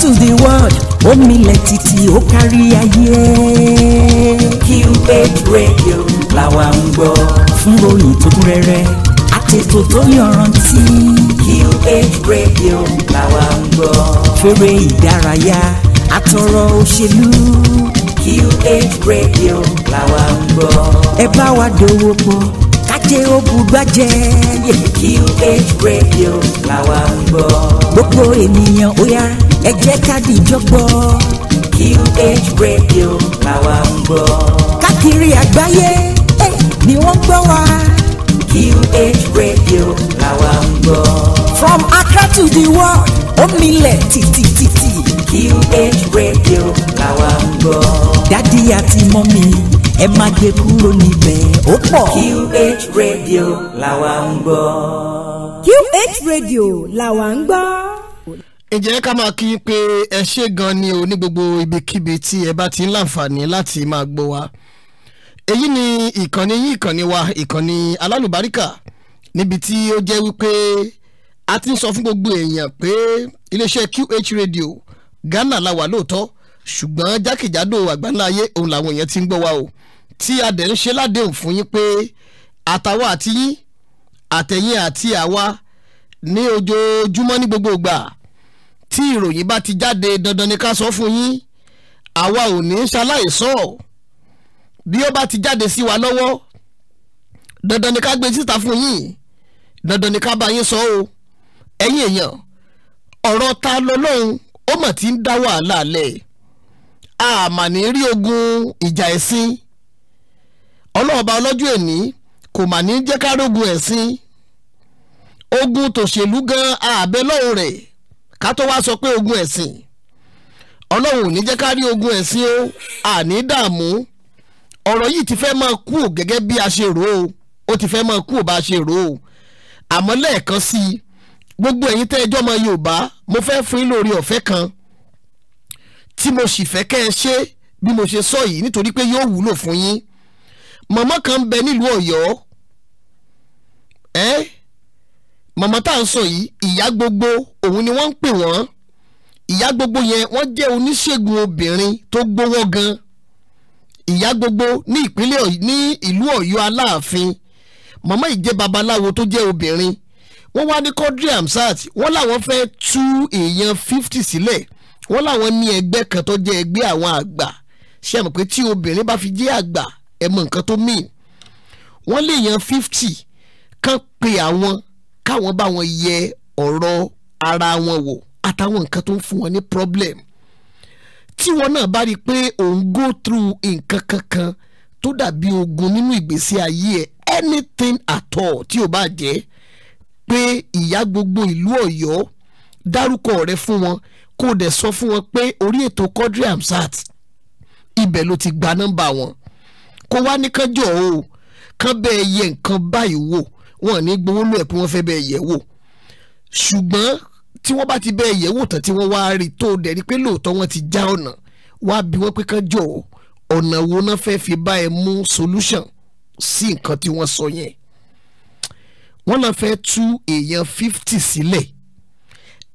to the world ó milẹ̀ títí ó kárí ayé. QH radio làwa ń gbọ́. fún ròyìn tó kún rẹ́rẹ́ àtètò tó yọrantí. QH radio làwa ń gbọ́. fèrè ìdárayá àtọ̀rọ̀ òṣèlú. QH radio làwa ń gbọ́. ẹ bá wa dòwò pọ̀ jáde ó bugbájẹ́. QH radio làwa ń gbọ́. gbogbo ènìyàn ó yá ẹ jẹ́ ká QH radio làwa ń gbọ́. káàkiri àgbáyé ni wọ́n gbọ́ wa. QH radio làwa ń gbọ́. from Accra to the world ó milẹ̀ tìtìtìtì. QH radio làwa ń gbọ́. dádì àti mọ́mí ẹ má gbé kúrò níbẹ̀ ó pọ̀. QH radio làwa ń gbọ́. QH radio làwa ń gbọ́. ǹjẹ́ ká máa kí i pé ẹ ṣe gan ni o ní gbogbo ibikíbi tí ẹ bá ti ń láǹfààní láti máa gbọ́ wa èyí ni ìkànnì yín ìkànnì wa ìkànnì alálùbáríkà níbi tí ó jẹ́ wípé a ti ń sọ fún gbogbo èèyàn pé iléeṣẹ́ QH radio Ghana la wà lóòótọ́ ṣùgbọ́n jákèjádò àgbáńlá ayé òun làwọn èèyàn ti ń gbọ́ wa o tí a dẹ̀ ń ṣe ládéhùn fún yín pé àtàwa àti yín àtẹ̀yìn àti àwa ní ojoojúmọ́ ní gbogbo ìgbà tí ìròyìn bá ti jáde dandan ni ká sọ fún yín àwa ò ní ń ṣaláìsọ bí ó bá ti jáde sí wa lọ́wọ́ dandan ni ká gbé síta fún yín dandan ni ká bá yín sọ o ẹ̀yin èèyàn ọ̀rọ̀ ta lọ́lọ́run ó mà ti ń dá wàhálà lẹ̀ àmàní rí ogun ìjà ẹ̀sìn ọlọ́ọ̀ba ọlọ́jọ́ èní kò mà ní jẹ́ ká rógun ẹ̀sìn ogun tòṣèlú gan àbẹ lọ́hùn rẹ̀ ká tó wá sọ pé ogun ẹ̀sìn ọlọ́run ní jẹ́ ká rí ogun ẹ̀sìn o àní dààmú ọ̀rọ̀ yìí ti fẹ́ máa kú ò gẹ́gẹ́ bí a ṣe rò ó ó ti fẹ́ máa kú ò bá a ṣe rò ó àmọ́ lẹ́ẹ̀kan sí gbogbo ẹ̀yin tẹ́ ẹjọ́ ọmọ Yorùbá mo fẹ́ fún yín lórí ọ̀fẹ́ kan tí mo sì fẹ́ kẹ́ ẹ ṣe bí mo ṣe sọ yìí nítorí pé yóò wúlò fún yín màmá kan bẹ nílùú Ọ̀yọ́ ẹ màmá tá à ń sọ yìí ìyá gbogbo òun ni wọ́n ń pè wọ́n ìyá gbogbo yẹn wọ́n jẹ́ oníṣègùn obìnrin tó gbówó gan ìyá gbogbo ní ìpínlẹ̀ ní ìlú Ọ̀yọ́ Aláàfin màmá yìí babaláwo tó jẹ́ obìnrin wọ́n wá ní Quadri Hamzat wọ́n làwọn fẹ́ tú èèyàn fifty sílẹ̀ si wọ́n láwọn ní ẹgbẹ́ kan tó jẹ́ ẹgbẹ́ àwọn àgbà ṣe mọ̀ pé tí obìnrin bá fi jẹ́ àgbà ẹ mọ̀ nǹkan tó mìín wọ́n lè yan fifty kan pe àwọn káwọn bá wọn yẹ ọ̀rọ̀ ara wọn wò àtàwọn nǹkan tó ń fún wọn ní problem tí wọn náà bá rí i pé òun go through nǹkan kankan tó dàbí ogun nínú ìgbésí ayé ẹ anything at all tí o bá jẹ́ pé ìyá gbogbo ìlú Ọ̀yọ́ dárúkọ rẹ fún wọn kó dẹ̀ sọ fún wọn pé orí ètò Quadri Hamzat ibẹ̀ ló ti gba nọ́mbà wọn kó wá ní kánjọ́ o kán bẹ́ẹ̀ yẹ nǹkan báyìí wò wọn ní gbowó lóò ẹ̀ pé wọ́n fẹ́ bẹ́ẹ̀ yẹ̀ wò ṣùgbọ́n tí wọ́n bá ti bẹ́ẹ̀ yẹ̀ wò tán tí wọ́n wá rí tó dẹ̀ rí pé lóòótọ́ wọn ti já ọ̀nà wá bí wọ́n pé kánjọ́ o ọ̀nà wo náà fẹ́ fi bá ẹ mú solution sí nǹkan tí wọ́n sọ yẹn wọ́n náà fẹ́ tú èèyàn fifty sílẹ̀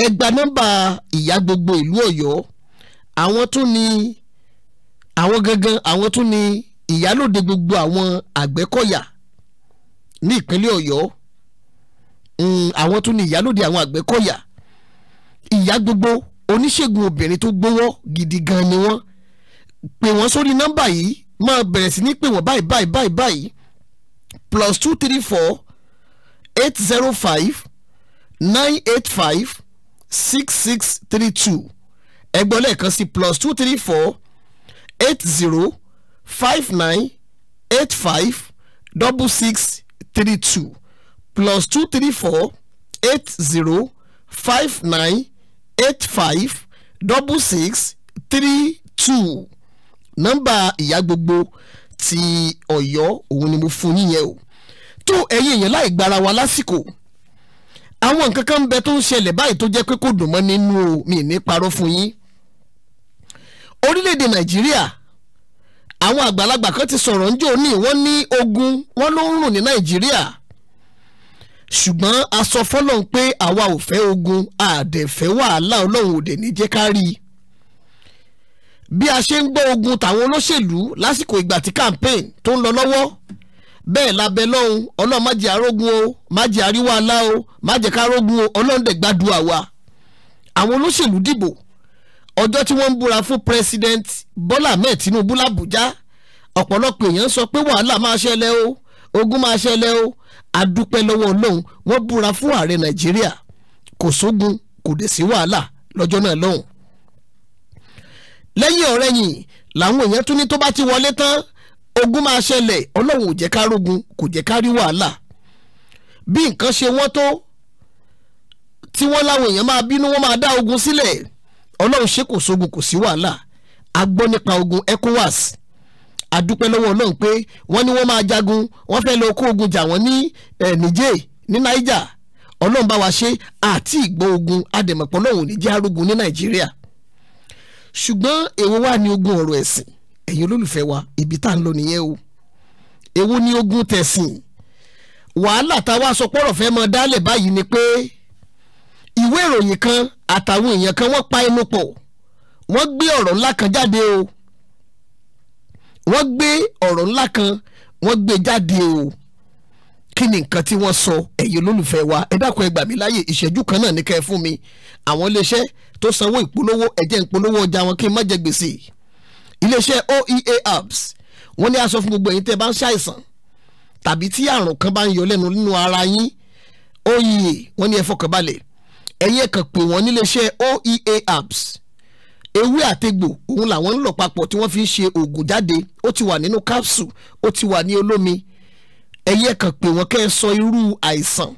ẹ gba nọ́mbà ìyá gbogbo ìlú Ọ̀yọ́ àwọn tún ni àwọn gangan àwọn tún ni ìyálòde gbogbo àwọn àgbẹ̀kọ̀yà ní ìpínlẹ̀ Ọ̀yọ́ hmm, àwọn tún ni ìyálòde àwọn àgbẹ̀kọ̀yà ìyá gbogbo oníṣègùn obìnrin tó gbówọ́ gidi gan ni wọ́n pè wọ́n sórí nọ́mbà yìí máa bẹ̀rẹ̀ sí ní pè wọ́n báyìí báyìí báyìí báyìí plus two three four eight zero five nine eight five six six three two ẹgbọ́n lẹ́ẹ̀kan sí plus two three four eight zero five nine eight five double six three two plus two three four eight zero five nine eight five double six three two nọ́mbà ìyá gbogbo ti Ọ̀yọ́ òun ni mo fún yín yẹn o tó ẹ̀yin èèyàn láì gbára wa lásìkò àwọn nǹkan kan ń bẹ tó ń ṣẹlẹ̀ báyìí tó jẹ́ pé kò dùn mọ́ nínú mi ní parọ́ fún yín orílẹ̀-èdè nàìjíríà àwọn àgbàlagbà kan ti sọ̀rọ̀ ń jò ní wọ́n ní ogun wọ́n ló ń rùn ní nàìjíríà ṣùgbọ́n a sọ fọ́lọ́n pé àwa ò fẹ́ ogun àdẹ̀fẹ́ wàhálà ọlọ́run òde ní jẹ́ ká rí i bí a ṣe ń gbọ́ ogun tàwọn olóṣèlú lásìkò ìgbà tí campaign tó ń lọ lọ́wọ́ bẹ́ẹ̀ labẹ́ lọ́hùn ọlọ́run má jẹ́ arógun o má jẹ́ àríwá alá o má jẹ́ kárógun o ọlọ́run dẹ̀ gbàdúrà wa àwọn olóṣèlú dìbò ọjọ́ tí wọ́n ń búra fún president Bọ́lá Ahmed Tinubu làbújá ọ̀pọ̀lọpọ̀ èèyàn sọ pé wàhálà máa ṣẹlẹ̀ o ogun máa ṣẹlẹ̀ o adúpẹ́ lọ́wọ́ ọlọ́run wọ́n búra fún ààrẹ Nàìjíríà kò sógun kò dé sí wàhálà lọ́jọ́ náà lọ́hùn lẹ́yìn ọ̀rẹ́yìn làwọn èèyàn tún ní tó bá ti wọlé tán ogun máa ṣẹlẹ̀ ọlọ́run ò jẹ́ ká rógun kò jẹ́ ká rí wàhálà bí nǹkan ṣe wọ́n tó tí wọ́n láwọn èèyàn máa bínú wọ́n máa dá ogun sílẹ̀ ọlọ́run ṣe kò sógun kò sí wàhálà a gbọ́ nípa ogun ECOWAS a dúpẹ́ lọ́wọ́ ọlọ́run pé wọ́n ní wọ́n máa jagun wọ́n fẹ́ lọ kó ogun jà wọ́n ní Niger ní Niger ọlọ́run bá wa ṣe àti ìgbọ́ ogun adẹ̀mọ̀pọ̀ ọlọ́run ò ní jẹ́ arógun ní Nàìjíríà ṣùgbọ́n èwo wà ní ogun ọ̀rọ̀ ẹ̀sìn ẹ̀yin olólùfẹ́ wa ibi tá à ń lọ nìyẹn o èwo ni ogun tẹ̀sìn wàhálà táwa sọ pọ́rọ̀ fẹ́ mọ dálẹ̀ báyìí ni pé ìwé ìròyìn kan àtàwọn èèyàn kan wọ́n pa ẹnu pọ̀ wọ́n gbé ọ̀rọ̀ ńlá kan jáde o wọ́n gbé ọ̀rọ̀ ńlá kan wọ́n gbé jáde o kí ni nǹkan tí wọ́n sọ ẹ̀yin olólùfẹ́ wa ẹ dákun ẹ mí láàyè ìṣẹ́jú kan náà ní kẹ́ ẹ fún mi àwọn iléeṣẹ́ tó sanwó ìpolówó ẹ̀jẹ̀ ìpolówó ọjà wọn kí n má jẹ gbèsè iléeṣẹ́ oea apps wọ́n ní aṣọ fún gbogbo ẹ̀yin tẹ́ bá ń ṣàìsàn tàbí tí àrùn kan bá ń yọ lẹ́nu nínú ara yín oea wọ́n ní ẹ fọkàn balẹ̀ ẹ̀yin wọ́n níléeṣẹ́ oea apps ewé àtegbò òun làwọn ń lọ papọ̀ tí wọ́n fi ń ṣe oògùn jáde ó ti wà nínú capsule ó ti wà ní olómi ẹ̀yin kàn pè wọ́n kẹ́ ẹ sọ irú àìsàn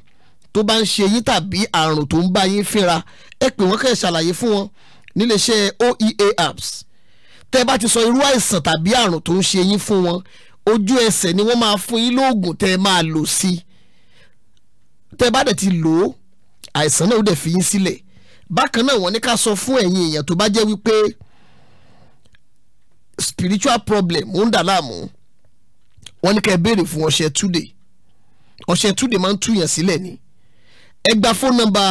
tó bá ń ṣe yín tàbí àrùn tó ń bá yín fínra ẹ pè wọ́n kẹ́ ẹ ṣàlàyé fún wọn níléeṣẹ́ oea apps 0800 tẹ́ bá ti sọ irú àìsàn tàbí àrùn tó ń ṣe yín fún wọn ojú ẹsẹ̀ ni wọ́n máa fún yín lóògùn tẹ́ máa lò sí tẹ́ bá dẹ̀ ti lò ó àìsàn náà ó dẹ̀ fi yín sílẹ̀ bákan náà wọ́n ní ká sọ fún ẹ̀yin èèyàn tó bá jẹ́ wípé spiritual problem ń dà láàmú wọ́n ní ká ẹ béèrè fún ọṣẹ túdè ọṣẹ túdè máa ń túyàn sílẹ̀ ni ẹ gba fóònù nọ́mbà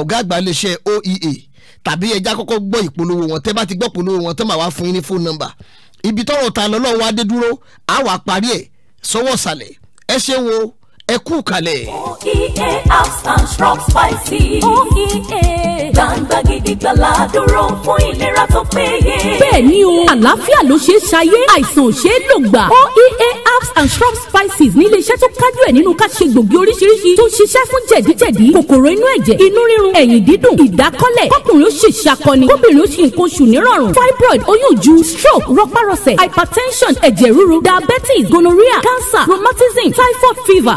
ọ̀gá àgbà iléeṣẹ́ oea tàbí ẹja kọ́kọ́ gbọ́ ìpolówó wọn tẹ́ bá ti gbọ́ ìpolówó wọn tẹ́ máa wá fún yín ní fóònù nọ́mbà ibi tọ́rọ̀ ta lọ́lọ́wọ́ adé dúró á wà ẹ̀ sọ́wọ́ sàlẹ̀ ẹ ṣeun o ẹ kú kalẹ̀. oea herbs and shrub spices. oea. gbangba gidigba la dúró fún ìlera tó péye. bẹ́ẹ̀ ni o àlàáfíà ló ṣe é ṣayé àìsàn ò ṣe é lò gbà. oea herbs and shrub spices ní iléeṣẹ́ tó kájú ẹ̀ nínú ká ṣe gbòógì oríṣiríṣi tó ń ṣiṣẹ́ fún jẹ̀díjẹ̀dí kòkòrò inú ẹ̀jẹ̀ inú rírun ẹ̀yìn dídùn ìdákọ́lẹ̀ kọkùnrin ó ṣe ṣàkọni kóbìnrin ó ṣe nǹkan oṣù nírọ̀rùn fibroid oyún ju stroke rọpárọsẹ̀ hypertension ẹ̀jẹ̀ ríru diabetes gonorrhea cancer rheumatism typhoid fever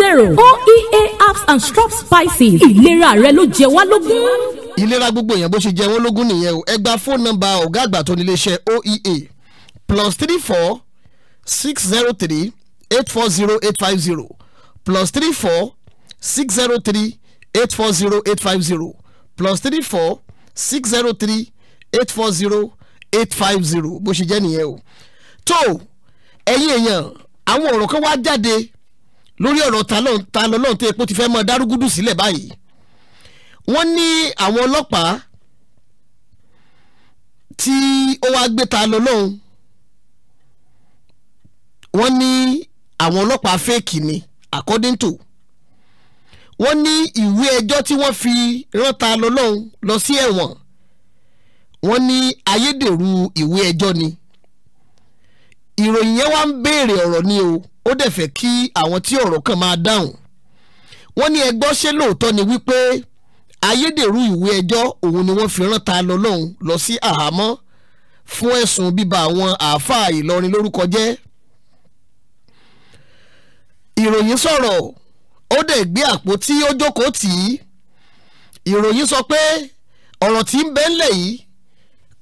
zero oea herbs and shrub spices ìlera rẹ ló jẹ wá lógún. ìlera gbogbo èèyàn bó ṣe jẹ wọ́n lógún nìyẹn o ẹ gba fóònù nọ́mbà ọ̀gá àgbà tó nílé oea plus three four six zero three eight four zero eight five zero plus three four six zero three eight four zero eight five zero plus three four six zero three eight four zero eight five zero bó ṣe jẹ́ nìyẹn o. tó ẹ̀yin èèyàn àwọn ọ̀rọ̀ kan wá jáde lórí ọ̀rọ̀ ta lọ́n ta lọ́n tó epo ti fẹ́ mọ dárúgúdù sílẹ̀ báyìí wọ́n ní àwọn ọlọ́pàá tí ó wá gbé ta lọ́n wọ́n ní àwọn ọlọ́pàá fẹ́ẹ̀kì ni according to wọ́n ní ìwé ẹjọ́ tí wọ́n fi rán ta lọ́n lọ sí ẹ̀wọ̀n wọ́n ní ayédèrú ìwé ẹjọ́ ni ìròyìn yẹn wá ń béèrè ọ̀rọ̀ ni o ó dẹ̀ fẹ́ kí àwọn tí ọ̀rọ̀ kan máa dáhùn wọ́n ní ẹgbọ́ ṣé lóòótọ́ ni wípé ayédèrú ìwé ẹjọ́ òun ni wọ́n fi rán ta lọ lọ́hùn lọ sí àhámọ́ fún ẹ̀sùn bíba àwọn àáfàá Ìlọrin lórúkọ jẹ́ ìròyìn sọ̀rọ̀ ó dẹ̀ gbé àpótí ó jókòó tì í ìròyìn sọ pé ọ̀rọ̀ tí ń bẹ yìí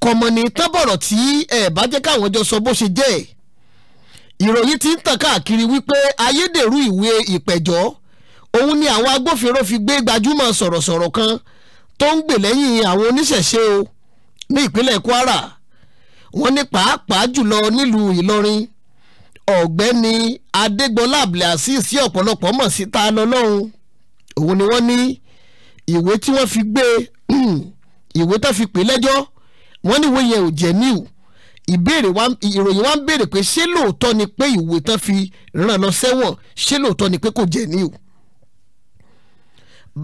kọ̀mọ̀nì tábọ̀rọ̀ tí ẹ̀ bá jẹ́ káwọn jọ sọ bó ṣe jẹ́ ẹ̀ ìròyìn ti ń tàn káàkiri wípé ayédèrú ìwé ìpẹ̀jọ́ òun ni àwọn agbófinró fi gbé gbajúmọ̀ sọ̀rọ̀sọ̀rọ̀ kan tó ń gbè lẹ́yìn àwọn oníṣẹ̀ṣe o ní ìpínlẹ̀ Kwara wọ́n ní pàápàá jùlọ nílùú Ìlọrin ọ̀gbẹ́ni Adégbọlá Abdulhasis sí ọ̀pọ̀lọpọ̀ mọ̀ sí ta lọ́lọ́run òun ni wọ́n ní ìwé tí wọ́n fi gbé ìwé tó fi pè lẹ́jọ́ wọ́n ní ìwé yẹn ò níwò ìbéèrè wa ìròyìn wa ń béèrè pé ṣé lóòótọ́ ni pé ìwé tán fi ràn lọ sẹ́wọ̀n ṣé lóòótọ́ ni pé kò jẹ́ ní o.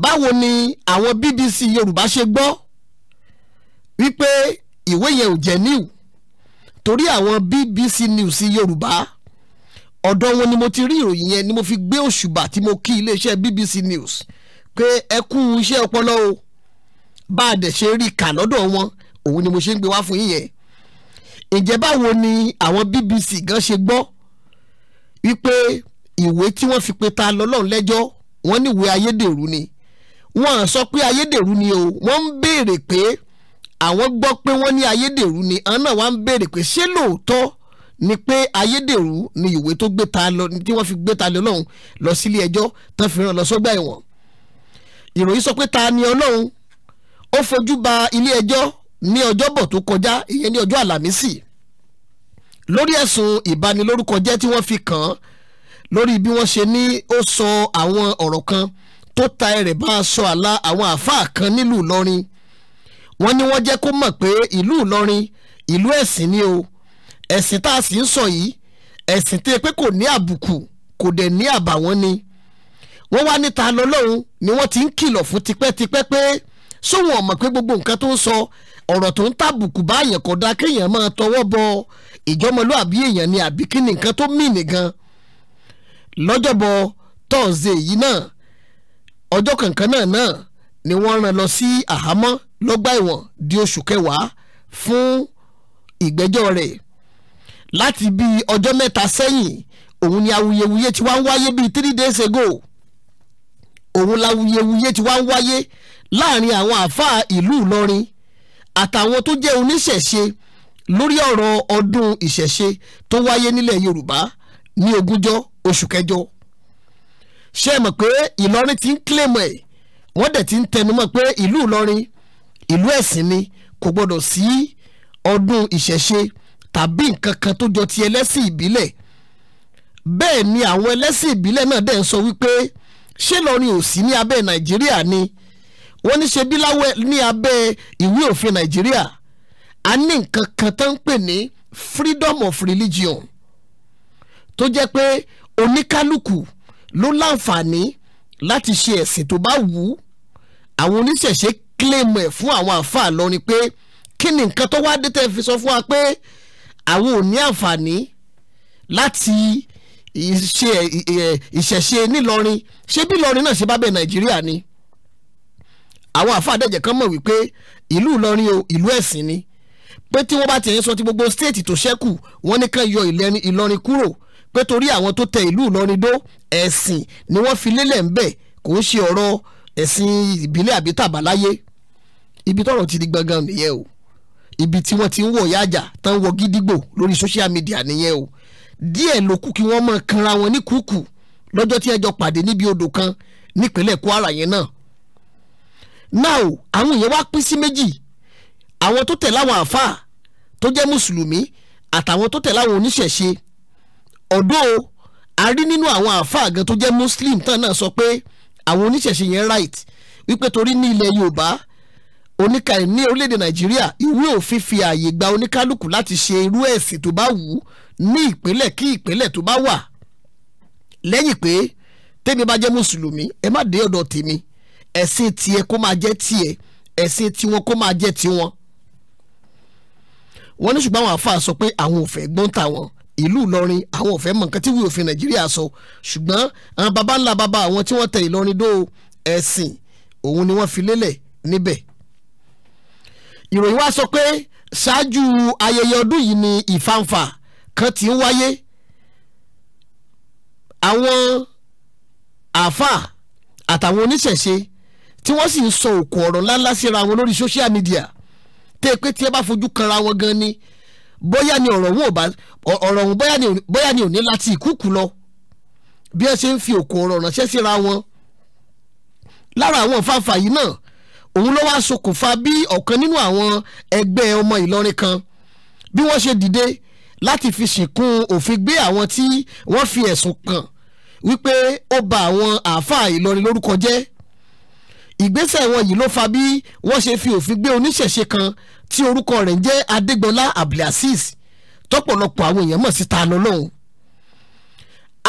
báwo ni àwọn BBC Yorùbá ṣe gbọ́ wípé ìwé yẹn ò jẹ́ ní o torí àwọn BBC News Yorùbá ọ̀dọ̀ wọn ni mo ti rí ìròyìn yẹn ni mo fi gbé òṣùbà tí mo kí iléeṣẹ́ BBC News pé ẹ kú iṣẹ́ ọpọlọ o bá a dẹ̀ ṣe rí kà lọ́dọ̀ wọn òun ni mo ṣe ń gbé wá fún yín ǹjẹ́ báwo ni àwọn BBC gan ṣe gbọ́ wípé ìwé tí wọ́n fi pe ta lọ́lọ́run lẹ́jọ́ wọ́n ní ìwé ayédèrú ni wọ́n sọ pé ayédèrú ni o wọ́n ń béèrè pé àwọn gbọ́ pé wọ́n ní ayédèrú ni àwọn náà wá ń béèrè pé ṣé lóòótọ́ ni pé ayédèrú ni ìwé tó gbé ta lọ tí wọ́n fi gbé ta lọ́lọ́run lọ sílé ẹjọ́ tán fi rán lọ sọ́gbà ẹ̀wọ̀n ìròyìn sọ pé ta ni ọlọ́run ó fojú ba ilé ẹjọ́ ní ọjọ́bọ̀ tó kọjá ìyẹn ní ọjọ́ àlàmísì lórí ẹ̀sùn ìbanilórúkọjẹ́ tí wọ́n fi kàn án lórí bí wọ́n ṣe ní ó sọ àwọn ọ̀rọ̀ kan tó ta ẹ̀rẹ̀ bá aṣọ àlà àwọn àáfàá kan nílùú Ìlọrin wọ́n ní wọ́n jẹ́ kó mọ̀ pé ìlú Ìlọrin ìlú ẹ̀sìn ni o ẹ̀sìn tá a sì ń sọ yìí ẹ̀sìn tó pé kò ní àbùkù kò dẹ̀ ní àbàwọ́n ni wọ́n wá níta lọ́lọ́run ni wọ́n ti ń kìlọ̀ fún tipẹ́tipẹ́ pé sóhun ọ̀mọ̀ pé gbogbo nǹkan tó ń sọ ọ̀rọ̀ tó ń tàbùkù báyẹn kò dáa kéèyàn máa tọwọ́ bọ ìjọmọlúàbí èèyàn ni àbí kí nìkan tó mì nìkan lọ́jọ́bọ̀ tọ́ọ̀sẹ̀ yìí náà ọjọ́ kankan náà náà ni wọ́n rán lọ sí àhámọ́ lọ́gbà ẹ̀wọ̀n di oṣù kẹwàá fún ìgbẹ́jọ́ rẹ̀ láti bí ọjọ́ mẹ́ta sẹ́yìn òun ni awuyewuye ti wá ń wáyé bíi three days ago òun lawuyewuye ti wá ń wáyé láàrin àwọn àáfàá ìlú Ìlọrin àtàwọn tó jẹ́ oníṣẹ̀ṣe lórí ọ̀rọ̀ ọdún ìṣẹ̀ṣe tó wáyé nílẹ̀ Yorùbá ní ogúnjọ́ oṣù kẹjọ ṣé ẹ mọ̀ pé Ìlọrin ti ń kílèmọ̀ ẹ̀ wọ́n dẹ̀ ti ń tẹnumọ́ pé ìlú Ìlọrin ìlú ẹ̀sìn ni kò gbọ́dọ̀ sí ọdún ìṣẹ̀ṣe tàbí nǹkan kan tó jọ ti ẹlẹ́sìn ìbílẹ̀ bẹ́ẹ̀ ni àwọn ẹlẹ́sìn ìbílẹ̀ náà dẹ̀ ń sọ wípé ṣé Ìlọrin ò sí ní abẹ́ Nàìjíríà ni. Abẹ́, wọ́n ní ṣe bí láwẹ̀ ní abẹ́ ìwé òfin nàìjíríà a ní nǹkan kan tó ń pè ní freedom of religion tó jẹ́ pé oníkálukú ló láǹfààní láti ṣe ẹ̀sìn tó bá wù ú àwọn oníṣẹ̀ṣe claim ẹ̀ fún àwọn àáfàá lọ́rin pé kí ni nǹkan tó wá dé tẹ́ fi sọ fún wa pé àwọn ò ní àǹfààní láti ṣe ìṣẹ̀ṣe ṣé bí lọrin náà ṣe bá bẹ̀ nàìjíríà ni. Ṣe, àwọn àfàdẹ́jẹ̀ kan mọ̀ wípé ìlú Ìlọrin o ìlú ẹ̀sìn ni pé tí wọ́n bá ti ń sọ ti gbogbo stéètì tó ṣẹ́kù wọ́n ní kàn yọ Ìlọrin kúrò pé torí àwọn tó tẹ ìlú Ìlọrin dó ẹ̀sìn ni wọ́n fi lélẹ̀ ń bẹ̀ kò ń ṣe ọ̀rọ̀ ẹ̀sìn ìbílẹ̀ àbí tàbáláyé ibi tọ́rọ̀ ti di gbọ̀ngàn nìyẹn o ibi tí wọ́n ti ń wọ̀ yájà tán wọ gídígbò lórí social media nìyẹn o díẹ̀ ló kù kí wọ́n mọ̀ kanra wọn ní kúkú lọ́jọ́ tí ẹjọ́ pàdé níbi odò kan nípínlẹ̀ Kwara yẹn náà now àwọn èèyàn wá pín sí méjì àwọn tó tẹ̀ láwọn àáfàá tó jẹ́ mùsùlùmí àtàwọn tó tẹ̀ láwọn oníṣẹ̀ṣe ọ̀dọ́ a nínú àwọn àáfàá gan tó jẹ́ muslim tán náà sọ pé àwọn oníṣẹ̀ṣe yẹn right wípé torí ní ilẹ̀ yorùbá oníka ní orílẹ̀-èdè nàìjíríà ìwé òfin fi ààyè gba oníkálukú láti ṣe irú ẹ̀sìn tó bá wù ú ní ìpínlẹ̀ kí ìpínlẹ̀ tó bá wà lẹ́yìn pé tèmi bá jẹ́ mùsùlùmí ẹ má dé ọ̀dọ̀ tèmi ẹ̀sìn tiẹ̀ kó máa jẹ́ tiẹ̀ ẹ̀sìn tiwọn kó máa jẹ́ tiwọn. wọ́n ní ṣùgbọ́n àwọn àáfàá sọ pé àwọn ò fẹ́ gbọ́n tàwọn ìlú Ìlọrin àwọn ò fẹ́ mọ̀ nǹkan tí wí òfin Nàìjíríà sọ ṣùgbọ́n àwọn baba ńlá baba àwọn tí wọ́n tẹ Ìlọrin dó ẹ̀sìn òun ni wọ́n fi lélẹ̀ níbẹ̀. ìròyìn wá sọ pé ṣáájú ayẹyẹ ọdún yìí ni ìfàǹfà kan ti ń wáyé àwọn àáfàá àtàwọn oníṣẹ̀ṣe tí wọ́n sì ń sọ òkò ọ̀rọ̀ ńláńlá síra wọn lórí social media tẹ́ ẹ pé tí ẹ bá fojú kanra wọn gan ni bóyá ni ọ̀rọ̀ wọn ò bá ọ̀rọ̀ wọn bóyá ni ò ní láti ìkúkú lọ bí ẹ ṣe ń fi òkò ọ̀rọ̀ ránṣẹ́ síra wọn lára àwọn fàǹfà yìí náà òun ló wáá ṣokùnfà bí ọ̀kan nínú àwọn ẹgbẹ́ ọmọ Ìlọrin kan bí wọ́n ṣe dìde láti fi ṣìnkún òfin gbé àwọn tí wọ́n fi ẹ̀sùn kàn wípé ó ba àwọn àáfàá Ìlọrin lórúkọ jẹ́ ìgbésẹ̀ wọn yìí ló fa bí wọ́n ṣe fi òfin gbé oníṣẹ̀ṣe kan tí orúkọ rẹ̀ ń jẹ́ adégbọlá abdulaziz tọ́pọ̀lọpọ̀ àwọn èèyàn mọ̀ sí Tani Olohun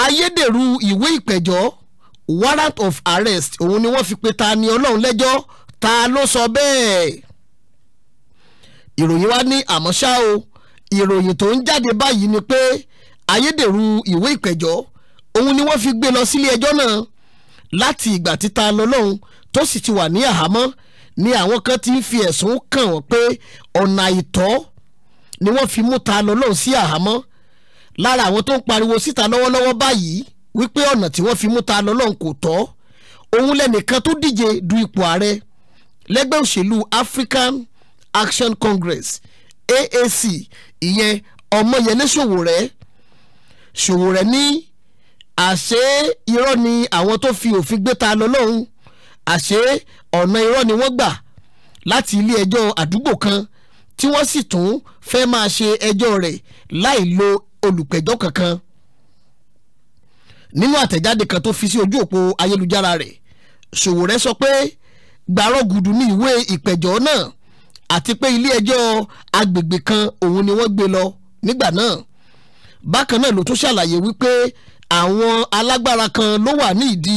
ayédèrú ìwé ìpẹ̀jọ́ warrant of arrest òun ni wọ́n fi pe Tani Olohun lẹ́jọ́ ta ló sọ bẹ́ẹ̀ ìròyìn wa ní àmọ́ ṣá o ìròyìn tó ń jáde báyìí ni pé ayédèrú ìwé ìpẹ̀jọ́ òun ni wọ́n fi gbé lọ sílé ẹjọ́ náà láti ìgbà tí Tani tó sì ti wà ní àhámọ́ ni àwọn kan ti ń fi ẹ̀sùn kàn wọ́n pé ọ̀nà àìtọ́ ni wọ́n fi mú ta lọ lọ́hùn sí àhámọ́ lára àwọn tó ń pariwo síta lọ́wọ́lọ́wọ́ báyìí wípé ọ̀nà tí wọ́n fi mú ta lọ kò tọ́ òun lẹ́nìkan tó díje du ipò ààrẹ lẹ́gbẹ́ òṣèlú African Action Congress AAC ìyẹn Ọmọyẹlé Sòwòrẹ́ Sòwòrẹ́ ní àṣé irọ́ ni àwọn tó fi òfin gbé ta lọ àṣé ọ̀nà irọ́ ni wọ́n gbà láti ilé ẹjọ́ àdúgbò kan tí wọ́n sì tún fẹ́ máa ṣe ẹjọ́ rẹ̀ láì lo olùpẹ̀jọ́ kankan nínú àtẹ̀jáde kan tó fi sí ojú òpó ayélujára rẹ̀ Sowore sọ pé gbàrọ̀ gùdù ní ìwé ìpẹ̀jọ́ náà àti pé ilé ẹjọ́ agbègbè kan òun ni wọ́n gbé lọ nígbà náà bákan náà ló tún ṣàlàyé wípé àwọn alágbára kan ló wà ní ìdí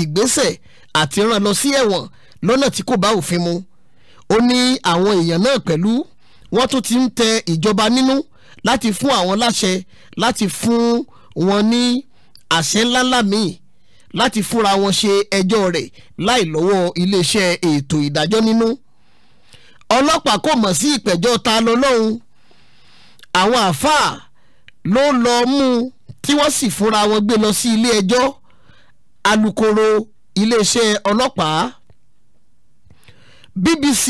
ìgbésẹ̀ àti rán lọ sí ẹ̀wọ̀n lọ́nà tí kò bá òfin mu ó ní àwọn èèyàn náà pẹ̀lú wọ́n tún ti ń tẹ ìjọba nínú láti fún àwọn láṣẹ láti fún wọn ní àṣẹ ńláńlá míì láti fúnra wọn ṣe ẹjọ́ rẹ̀ láì lọ́wọ́ iléeṣẹ́ ètò ìdájọ́ nínú ọlọ́pàá kò mọ̀ sí ìpẹ̀jọ́ ta lọ́lọ́hún àwọn àáfàá ló lọ́ọ́ mú tí wọ́n sì fúnra wọn gbé lọ sí ilé ẹjọ́ alukoro iléeṣẹ́ ọlọ́pàá BBC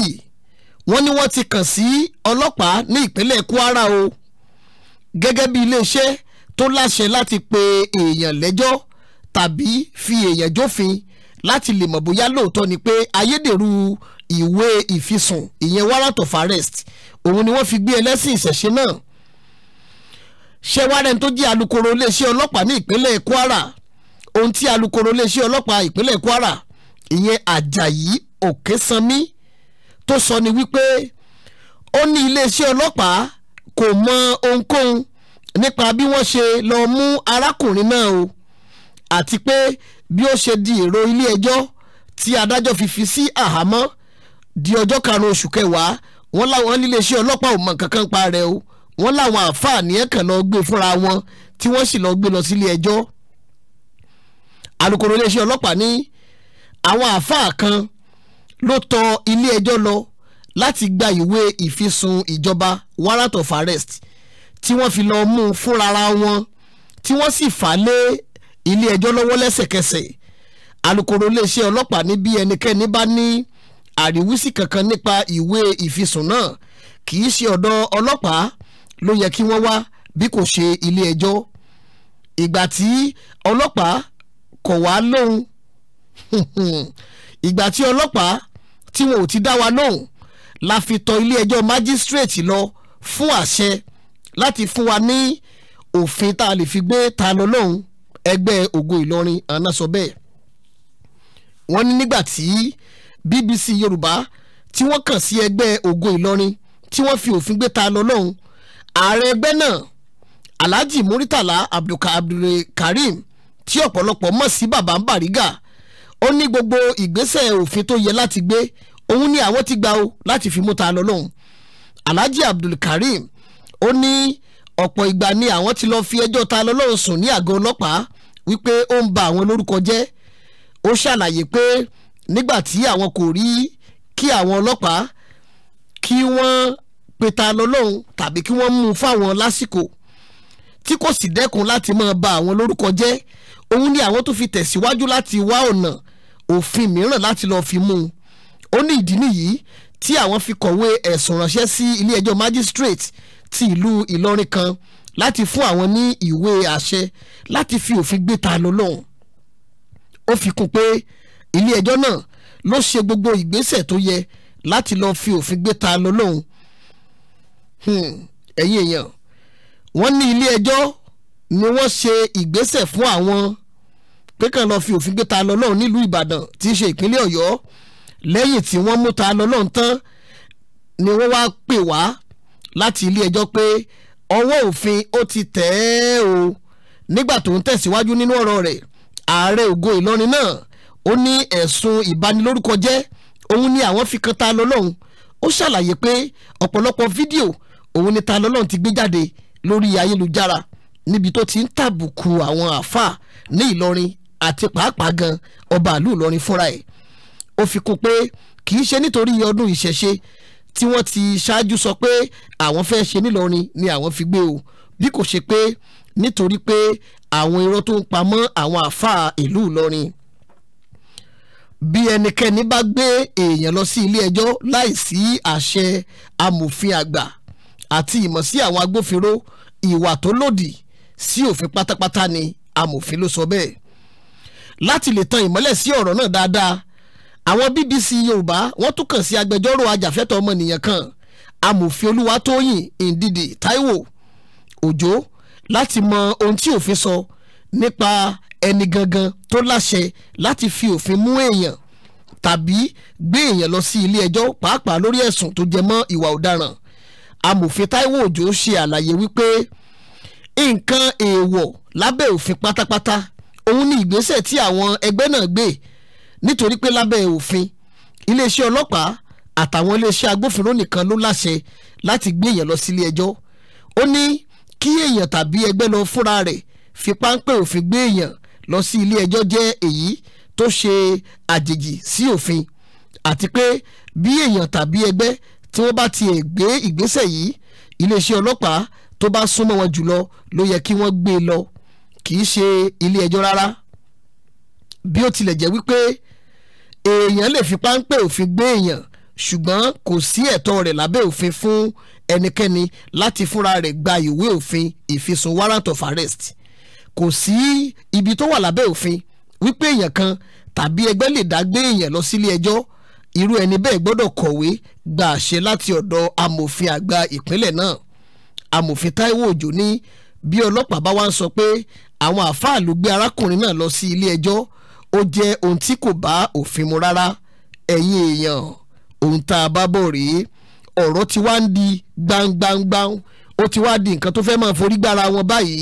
wọ́n ní wọ́n ti kàn sí ọlọ́pàá ní ìpínlẹ̀ Kwara o gẹ́gẹ́ bí iléeṣẹ́ tó láṣẹ láti pe èèyàn lẹ́jọ́ tàbí fi èèyàn jófin láti lè mọ̀ bóyá lóòótọ́ ni pé ayédèrú ìwé ìfisùn ìyẹn warrant of arrest òun ni wọ́n fi gbé ẹlẹ́sìn ìṣẹ̀ṣe náà ṣẹ́wárẹ́ni tó jẹ́ alukoro iléeṣẹ́ ọlọ́pàá ní ìpínlẹ̀ Kwara ohun tí alukoro iléeṣẹ́ ọlọ́pàá ìpínlẹ̀ Kwara ìyẹn Àjàyí Òkèsanmí tó sọ ni wípé ó ní iléeṣẹ́ ọlọ́pàá kò mọ ohunkóhun nípa bí wọ́n ṣe lọ́ọ́ mú arákùnrin náà o àti pé bí ó ṣe di èrò ilé ẹjọ́ tí adájọ́ fi fi sí àhámọ́ di ọjọ́ karùn-ún oṣù kẹwàá wọ́n láwọn níléeṣẹ́ ọlọ́pàá ò mọ kankan pa rẹ̀ o wọ́n láwọn àǹfààní ẹ̀ fúnra wọn tí wọ́n sì lọ́ọ́ gbé lọ sílé ẹjọ́. E alūkkóró iléeṣẹ́ ọlọ́pàá ní àwọn àáfàá kan ló tọ ilé ẹjọ́ lọ láti gba ìwé ìfisùn ìjọba warrant of arrest tí wọ́n fi lọ́ọ́ mú un fúnrara wọn tí wọ́n sì fà á lé ilé ẹjọ́ lọ́wọ́ lẹ́sẹ̀kẹsẹ̀ alūkkóró iléeṣẹ́ ọlọ́pàá ní bí ẹnikẹ́ni bá ní àríwísí kankan nípa ìwé ìfisùn náà kì í ṣe ọ̀dọ̀ ọlọ́pàá ló yẹ kí wọ́n wá bí kò ṣe ilé ẹjọ́ ìgbà tí ọlọ́pàá kọ̀ wá lóhùn ìgbà tí ọlọ́pàá tí wọn ò ti dá wa lóhùn la fi tọ ilé ẹjọ́ májísírèètì lọ fún àṣẹ láti fún wa ní òfin tá a lè fi gbé ta lọ lóhùn ẹgbẹ́ Ògo Ìlọrin àná sọ bẹ́ẹ̀ wọ́n ní nígbà tí BBC Yorùbá tí wọ́n kàn sí ẹgbẹ́ Ògo Ìlọrin tí wọ́n fi òfin gbé ta lọ lóhùn ààrẹ ẹgbẹ́ náà Alhaji Muritala Abdulkarim tí ọ̀pọ̀lọpọ̀ mọ̀ sí bàbá ń bàrígà ó ní gbogbo ìgbésẹ̀ òfin tó yẹ láti gbé òun ni àwọn ti gbà o láti fi mú ta lọ lóhùn Alhaji Abdulkareem ó ní ọ̀pọ̀ ìgbà ni àwọn ti lọ fi ẹjọ́ ta lọ lóhùn sùn ní àgọ́ ọlọ́pàá wípé ó ń ba àwọn lórúkọ jẹ́ ó ṣàlàyé pé nígbà tí àwọn kò rí kí àwọn ọlọ́pàá kí wọ́n pe ta lọ lóhùn tàbí kí wọ́n mú fáwọn lásìkò tí kò sì dẹ́kun láti máa ba àwọn lórúkọ jẹ́ òun ni àwọn tó fi tẹ̀síwájú láti wá ọ̀nà òfin mìíràn láti lọ́ọ́ fi mú un ó ní ìdí nìyí tí àwọn fi kọ̀wé ẹ̀sùn ránṣẹ́ sí ilé ẹjọ́ magistrate ti ìlú Ìlọrin kan láti fún àwọn ní ìwé àṣẹ láti fi òfin gbé ta lọ lọ́hùn ó fi kún pé ilé ẹjọ́ náà ló ṣe gbogbo ìgbésẹ̀ tó yẹ láti lọ́ọ́ fi òfin gbé ta lọ hmm, ẹ̀yin èèyàn wọ́n ní ilé ẹjọ́ ni wọ́n ṣe ìgbésẹ̀ fún àwọn pé kàn lọ́ọ́ fi òfin gbé ta lọ lọ́hùn nílùú Ìbàdàn tí í ṣe ìpínlẹ̀ Ọ̀yọ́ lẹ́yìn tí wọ́n mú ta lọ lọ́hùn tán ni wọ́n wá pè wá láti ilé ẹjọ́ pé ọwọ́ òfin ó ti tẹ̀ ẹ́ o nígbà tó ń tẹ̀síwájú nínú ọ̀rọ̀ rẹ̀ ààrẹ ògo Ìlọrin náà ó ní ẹ̀sùn ìbanilórúkọ jẹ́ òun ni àwọn fi kan ta lọ́lọ́hún ó ṣàlàyé pé ọ̀pọ̀lọpọ̀ fídíò òun ni ta lọ́lọ́hún ti gbé jáde lórí ayélujára níbi tó ti ń tàbùkù àwọn àáfàá ní Ìlọrin àti pàápàá gan ọba ìlú Ìlọrin fúnra ẹ̀ ó fi kún pé kì í ṣe nítorí ọdún ìṣẹ̀ṣe tí wọ́n ti ṣáájú sọ pé àwọn fẹ́ ṣe nílọrin ni àwọn fi gbé o bí kò ṣe pé nítorí pé àwọn irọ́ tó ń pamọ́ àwọn àáfàá ìlú Ìlọrin bí ẹnikẹ́ni bá gbé èèyàn lọ sí ilé ẹjọ́ láì sí àṣẹ amòfin àgbà àti ìmọ̀ sí àwọn agbófinró ìwà tó lòdì sí òfin pátápátá ni amòfin ló sọ bẹ́ẹ̀ láti lè tan ìmọ́lẹ̀ sí ọ̀rọ̀ náà dáadáa àwọn BBC Yorùbá wọ́n tún kàn sí agbẹjọ́rò ajàfẹ́tọ̀ ọmọnìyàn kan amòfin Olúwatóyìn Ndidi Táíwò Òjó láti mọ ohun tí òfin sọ nípa ẹni gangan tó láṣẹ láti fi òfin mú èèyàn tàbí gbé èèyàn lọ sí ilé ẹjọ́ pàápàá lórí ẹ̀sùn tó jẹ mọ́ ìwà ọ̀daràn amòfin Táíwò Òjó ṣe àlàyé wípé nǹkan èèwọ̀ lábẹ́ òfin pátápátá òun ni ìgbésẹ̀ tí àwọn ẹgbẹ́ náà gbé nítorí pé lábẹ́ òfin iléeṣẹ́ ọlọ́pàá àtàwọn iléeṣẹ́ agbófinró nìkan ló láṣẹ láti gbé èèyàn lọ sílé ẹjọ́ ó ní kí èèyàn tàbí ẹgbẹ́ lọ fúnra rẹ̀ fi páńpẹ́ òfin gbé èèyàn lọ sí ilé ẹjọ́ jẹ́ èyí tó ṣe àjèjì sí òfin àti pé bí èèyàn tàbí ẹgbẹ́ tí wọ́n bá tiẹ̀ gbé ìgbésẹ̀ yìí iléeṣẹ́ ọlọ́pàá tó bá súnmọ́ wọn jùlọ ló yẹ kí wọ́n gbé e lọ kì í ṣe ilé ẹjọ́ rárá bí ó tilẹ̀ jẹ́ wípé èèyàn lè fi páńpẹ́ òfin gbé èèyàn ṣùgbọ́n kò sí ẹ̀tọ́ rẹ̀ lábẹ́ òfin fún ẹnikẹ́ni láti fúnra rẹ̀ gba ìwé òfin ìfisùn warrant of arrest kò sí ibi tó wà lábẹ́ òfin wípé èèyàn kan tàbí ẹgbẹ́ lè dá gbé èèyàn lọ sílé ẹjọ́ irú ẹni bẹ́ẹ̀ gbọ́dọ̀ kọ̀wé gba àṣẹ láti ọ̀dọ̀ amòfin àgbà ìpínlẹ̀ náà amòfin Táíwò Òjó ní bí ọlọ́pàá bá wá ń sọ pé àwọn àáfàá ló gbé arákùnrin náà lọ sí ilé ẹjọ́ ó jẹ́ ohun tí kò bá òfin mu rárá ẹ̀yin èèyàn ohun tá a bá bọ̀ rèé ọ̀rọ̀ ti wá ń di gbangbangban ó ti wá di nǹkan tó fẹ́ máa forí gbára wọn báyìí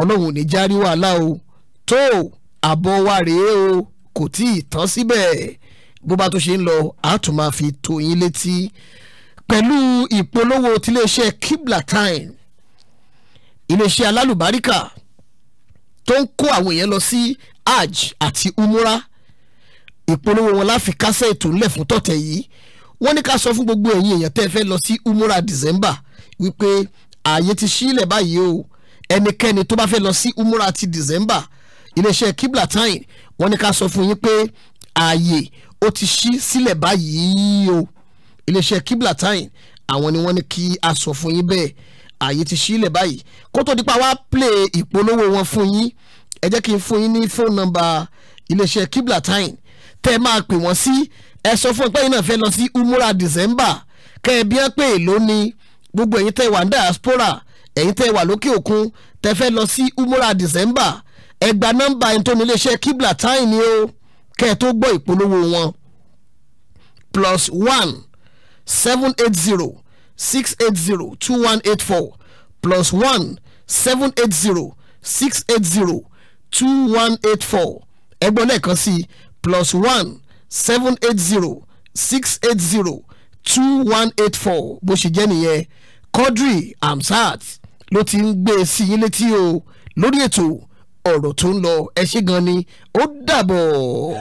ọlọ́run ní járí wàhálà o tó àbọ̀ wa rèé o kò tí ì tán síbẹ̀ bó bá tó ṣe ń lọ a tún fi tó yín létí pẹ̀lú ìpolówó tiléeṣẹ́ Kibla Time iléeṣẹ́ alálùbáríkà tó ń kó àwọn èèyàn lọ sí hajj àti umura ìpolówó wọn láfi kásẹ̀ ètò ńlẹ̀ fún tọ̀tẹ̀ yìí wọ́n ní ká sọ fún gbogbo ẹ̀yin èèyàn tẹ́ fẹ́ lọ sí umura december wípé ààyè ti sílẹ̀ báyìí o ẹnikẹ́ni tó bá fẹ́ lọ sí umura ti december iléeṣẹ́ Kibla Time wọ́n ní ká sọ fún yín pé ààyè ó ti ṣí sílẹ̀ báyìí o iléeṣẹ́ Kiblatin àwọn ni wọ́n ní kí a sọ fún yín bẹ́ẹ̀ ààyè ti ṣílẹ̀ báyìí kó tó dípa wá play ìpolówó wọn fún yín ẹ jẹ́ kí n fún yín ní fóònù nọ́mbà iléeṣẹ́ Kiblatin tẹ́ ẹ máa pè wọ́n sí ẹ sọ fún ẹgbẹ́ yìí náà fẹ́ lọ sí umura December kẹ́ ẹ bí wọ́n pè lónìí gbogbo ẹ̀yin tẹ́ wà ní diaspora ẹ̀yin tẹ́ wà lókè òkun tẹ́ fẹ́ lọ sí umura December ẹ gba nọ́mbà ẹni tó ní iléeṣẹ́ Kiblatin ni o kẹ́ ẹ tó gbọ́ ìpolówó wọn plus one seven eight zero six eight zero two one eight four plus one seven eight zero six eight zero two one eight four ẹgbọ́n lẹ́ẹ̀kan sí plus one seven eight zero six eight zero two one eight four bó ṣe jẹ́ nìyẹn Quadri Hamzat ló ti ń gbé e sí yín létí o lórí ètò ọ̀rọ̀ tó ń lọ ẹ ṣé gan ni ó dàbọ̀.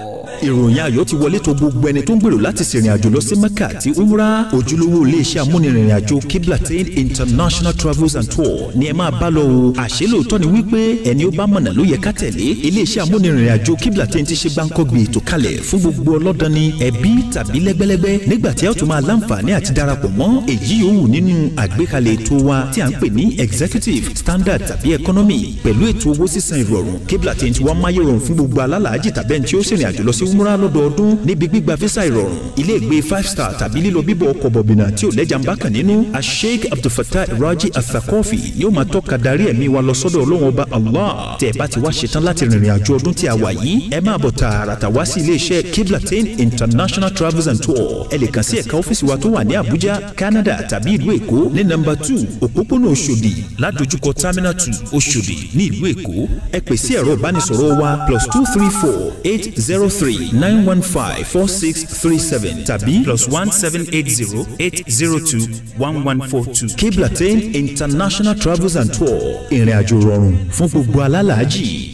ìròyìn ayọ̀ ti wọlé tó gbogbo ẹni tó ń gbèrò láti ṣèrìn àjò lọ sí mecca àti umrah ojúlówó iléeṣẹ́ amúnirìnrìn àjò kiblatin international travels and tour ni ẹ máa bá lọ o àṣé lóòótọ́ ni wípé ẹni ó bá mọ̀nà ló yẹ ká tẹ̀lé iléeṣẹ́ amúnirìnrìn àjò kiblatin ti ṣe gbáǹkọ́ gbé ètò kalẹ̀ fún gbogbo ọlọ́dani ẹbí tàbí lẹ́gbẹ́lẹ́gbẹ́ nígbà tí ẹ tún máa láǹfààní àti darapọ̀ mọ́ èyí yòówù nínú àgbékalẹ̀ ètò wa tí à ń pè ní executive standard tàbí economy pẹ̀lú ètò owó sísan ìrọ̀rùn kiblatin ti wá máyé rọrùn fún gbogbo alálàájì tàbí ẹni tí ó ṣèrìn àjò lọ sí umrah lọ́dọọdún níbi gbígba físà ìrọ̀rùn ilé ìgbé five star tàbí lílọ bíbọ̀ ọkọ̀ bọ̀bìnà tí ò lẹ́jà ń bákan nínú a sheikh abdulfatah raji asakọ́fì yóò máa tọ́ka darí ẹ̀mí wa lọ sọ́dọ̀ ọlọ́run ọba allah tẹ̀ bá ti wá ṣetán láti rìnrìn àjò ọdún tí a wà yìí ẹ máa bọ̀ tààràtà wá sí iléeṣẹ́ kiblatin international travels and tour ẹ lè kàn sí ẹ̀ka ọ́fíìsì wa tó wà ní abuja canada tàbí ìlú èkó ní nọ́mbà two òpópónà oṣòdì ládojúkọ terminal two oṣòdì ní ìlú èkó ẹ pè ẹ̀rọ ìbánisọ̀rọ̀ wa plus two Three three four eight zero nine one five four six three seven tàbí plus one one seven eight eight zero zero two one four 1142. Kiblatin International Travels and Tour ìrìn àjò rọrùn fún gbogbo alálàájì.